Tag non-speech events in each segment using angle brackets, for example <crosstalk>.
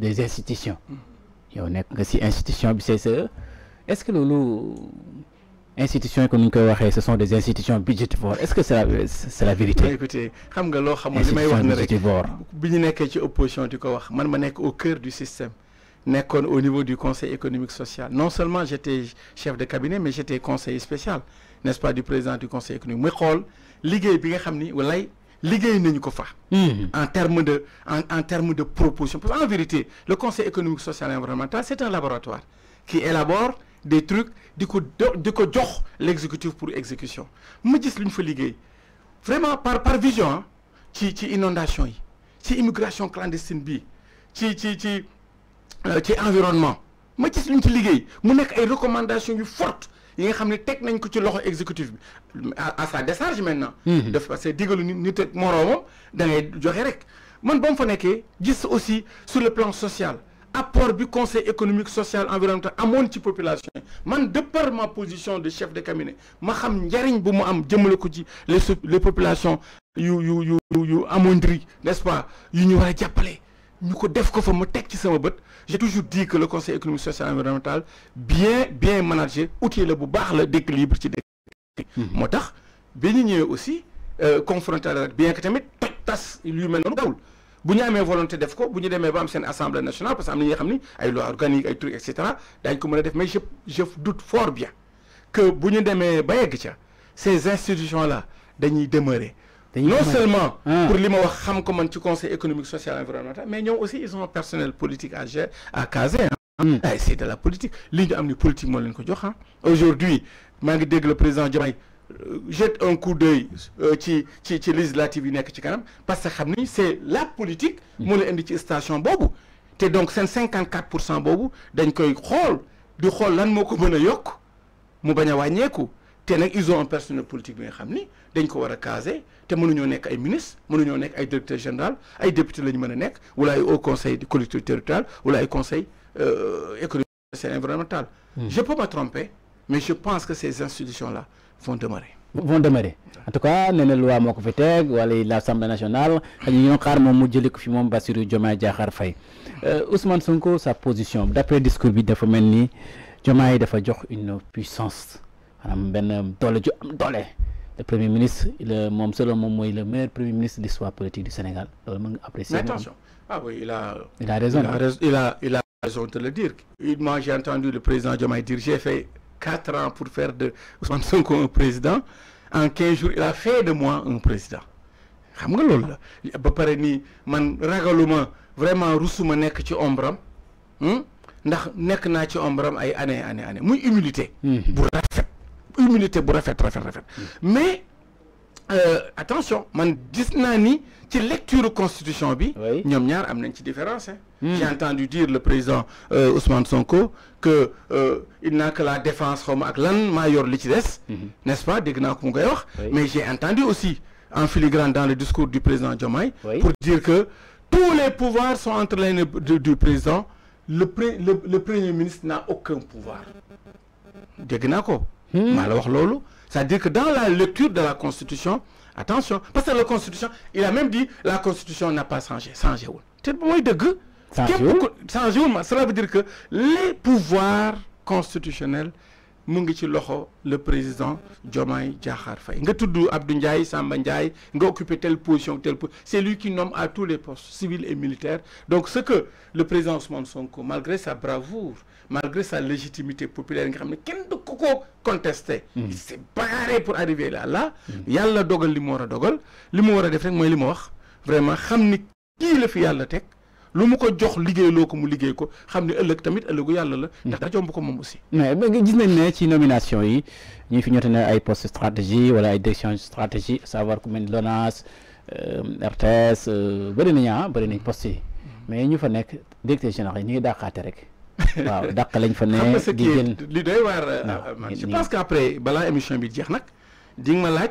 des institutions et on nga ci institution bi ce est-ce que nous institutions économiques ce sont des institutions budgétivores est-ce que c'est la c'est la vérité. Bah, écoutez xam nga loo xamul li may wax ne rek Bien ñu ci opposition du corps wax man au cœur du système. qu'on au niveau du conseil économique social non seulement j'étais chef de cabinet mais j'étais conseiller spécial n'est-ce pas du président du conseil économique muy xool liggéey bi nga ou ni nest ko hmm. en termes de en en termes de proposition parce en vérité le conseil économique social et environnemental c'est un laboratoire qui élabore des trucs du coup de pour exécution Je dis que faut vraiment par par vision qui hein, ci inondation qui immigration clandestine bi ci euh, environnement ma dis une ci recommandations fortes. Il y a une techniques qui ko ci loxo exécutif à sa décharge maintenant. Mm-hmm. def parce que c'est nit nit ak moroomam da ngay joxe rek. man ba fa aussi sur le plan social apport du conseil économique social environnemental mon petit population man de par ma position de chef de cabinet ma xam njariñ bu mu am jëmale ko ci les populations yu yu yu yu n'est-ce pas yu ñu war nous def ko fa ci sama j'ai toujours dit que le conseil économique social et environnemental bien bien managé outil le bu baax le d'équilibre ci dëkk mhm. moo tax aussi euh, confronté la bien que tamit toj tas lu mel noonu dawul bu ñu volonté def ko bu ñu demee ba am assemblée nationale parce que am a ñi ay loi organique ay trucs et cetera etc. ko mën mais je je doute fort bien que bu ñu demee ba yegg ces institutions là dañuy demeurer non seulement ah. pour les mots, comme xam ko conseil économique social environnemental mais nous aussi ils ont un personnel politique à gérer à caser hein. hmm. ah, c'est de la politique li ñu am politique hein. aujourd'hui maa ngi le président Diomaye euh, jette un coup d'œil euh, ci ci la législative yi ci kanam parce que c'est la politique qui hmm. la indi ci station donc c'est 54% Bobu rôle dañ koy xol di xol lan moko ko yok mu baña wañéku té ils ont un personnel politique bi xamni dañ ko war a caser te mënuñoo nekk ay ministre mënuñoo nekk ay directeur général ay député lañu ñu mën a nekk wala ay haut conseil de collectivité territoriale wala ay conseil euh, économique et environnemental. Hmm. je peux me tromper mais je pense que ces institutions là vont demeurer. vont demeurer en tout cas nee na loi moo ko fi teg wala l'Assemblée nationale ñu na ñoo xaar moom mu jëlee ko fi moom Bassirou Diomaye Diakhar Faye euh, Ousmane Sonko sa position d'après discours bi dafa mel ni Diomaye dafa jox une puissance maanaam benn doole ju am doole le premier ministre le moom selon moom mooy le meilleur premier ministre de l'histoire politique du Sénégal loolu mën apprécie. mais attention ah oui il a. il a raison il a hein. il a raison de le dire. moi j'ai entendu le président Diomaye dire j'ai fait quatre ans pour faire de Ousmane Sonko un président en quinze jours il a fait de moi un président xam nga loolu la ba man ragaluma vraiment rusuma nek ci ombram hmm? ndax nek na ci ombram ay année année, année, muy humilité. Mm-hmm. bu rafet humilité pour refaire, mm. mais euh, attention man Disney, nani ni lecture constitution bi ñoom ñaar am différence hein. mm. j'ai entendu dire le président euh, Ousmane Sonko que euh, il n'a que la défense comme la ak lan mm-hmm. n'est-ce pas des naa mais j'ai entendu aussi en filigrane dans le discours du président Diomaye pour dire que tous les pouvoirs sont entre les mains du président le le premier ministre n'a aucun pouvoir de Hmm? Mais Lolo, cest dire que dans la lecture de la constitution attention parce que la constitution il a même dit la constitution n'a pas changé changé le te de cela veut dire que les pouvoirs constitutionnels mungi ci loxo le président Jomay Jahar Fay nga tudd Abdou Ndiaye Samba Ndiaye nga occupé telle position telle position c'est lui qui nomme à tous les postes civils et militaires donc ce que le président Ousmane Sonko malgré sa bravoure malgré sa légitimité populaire nga xamné ne kenn du ko contesté mmh. il s'est pour arriver là là mmh. yalla dogal li mo wara dogal li mo wara def rek moy li mo wax vraiment xam ni la fi yàlla lu mu ko jox liggéeyloo ko mu liggéey ko xam ne ëllëg tamit ëllëgu yàlla la. Mm. ndax daa bu ko moom aussi. mais gis nañ ne ci nomination yi ñuy fi ñote ne ay poste stratégie wala ay direction stratégie savoir ku mel ni LONASE euh, RTS euh, bëri nañu ah bëri nañ poste yi mm. mais ñu fa nekk directeur général ñu ngi dàqaate rek. <laughs> waaw dàq lañ fa ne. di jël li doy waar. Euh, je pense que après balaa émission bi jeex nag di ma laaj.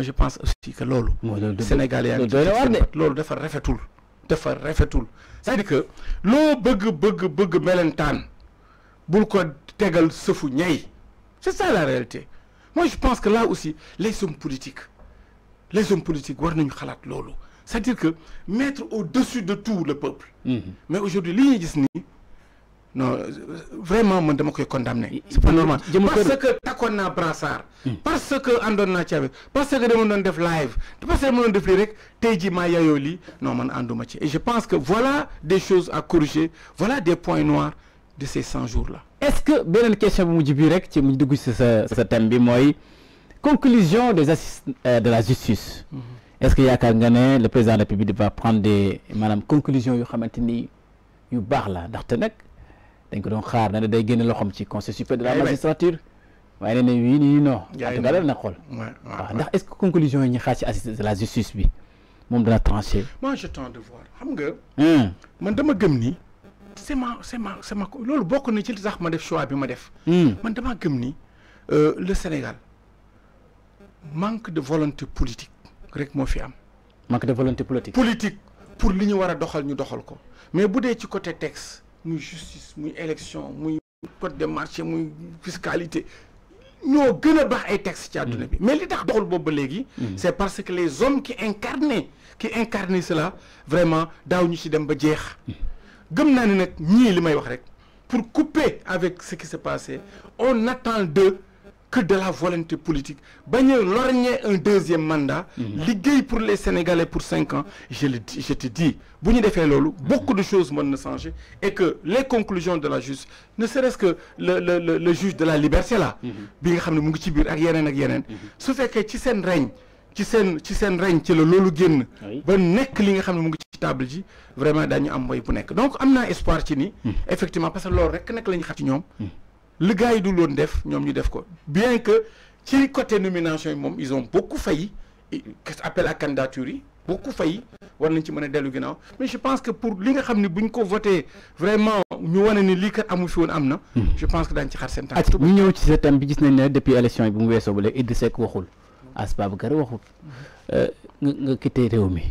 je pense aussi que Lolo sénégalais. lolo ngi tout. dafa rafetul. dafa tout. c'est-à-dire que lo bug bug bug melentane bul ko tegal sefu c'est ça la réalité moi je pense que là aussi les hommes politiques les hommes politiques war nañu xalat c'est-à-dire que mettre au-dessus de tout le peuple. Mm-hmm. mais aujourd'hui li ñi gis non vraiment man dama koy condamné c'est pas normal hmm. parce que takkoon un brassard parce que je suis parce que dama doon def live parce que dama doon def lii rek tey ji non man ànduma ci et je pense que voilà des choses à corriger voilà des points noirs de ces 100 jours là est-ce que une question que je bii rek ci mu dugg que c'est thème bi conclusion des euh, de la justice mm-hmm. est-ce que y quand ne le président de la République va prendre des madame conclusion yo xamante ni yu dañ ko doon xaar ne day génne loxom ci conseil supérieur de la eh magistrature waaye ne na wii nii non en tout na xool waaw ndax est-ce que conclusion yi ñu xaar ci de la justice bi moom dana tranché moi je tente de voir xam nga hein? man dama gëm ni c'est ma c'est ma c'est ma loolu bokk na ci li tax ma def choix bi ma def hmm. man dama gëm ni euh, le Sénégal manque de volonté politique rek moo fi am manque de volonté politique politique pour li ñu war a doxal ñu doxal ko mais bu dee ci côté texte la justice muy élection code de marché, fiscalité Nous, avons a textes mm. mais ce qui mm. c'est parce que les hommes qui incarnent, qui incarnent cela vraiment mm. pour couper avec ce qui s'est passé on attend de que de la volonté politique Bagné a un deuxième mandat mm. ligué pour les Sénégalais pour cinq ans je le te dis beaucoup de choses mën na changer et que les conclusions de la justice ne serait-ce que le juge de la liberté là mm-hmm. bi nga a mu ngi ci que ak yeneen mm-hmm. règne ci s'en ci règne ci le loolu génn ba nekk li nga mu ngi table vraiment am donc on espoir mm. effectivement parce que l'or rek que nous le gars yi du def ñom ñu def ko bien que ci côté nomination mom ils ont beaucoup failli appel à candidature beaucoup failli war nañ ci mëna delu ginaaw mais je pense que pour li nga xamni buñ ko voter vraiment ñu wone ni li kat amu fi woon hmm. je pense que dañ ci xar sen temps. ñu ñëw ci sa thème bi gis nañ ne depuis élection bi mu wéso bu léegi Idrissa Seck waxul Ass Babacar waxul hmm. euh, nga nga quitté réew mi.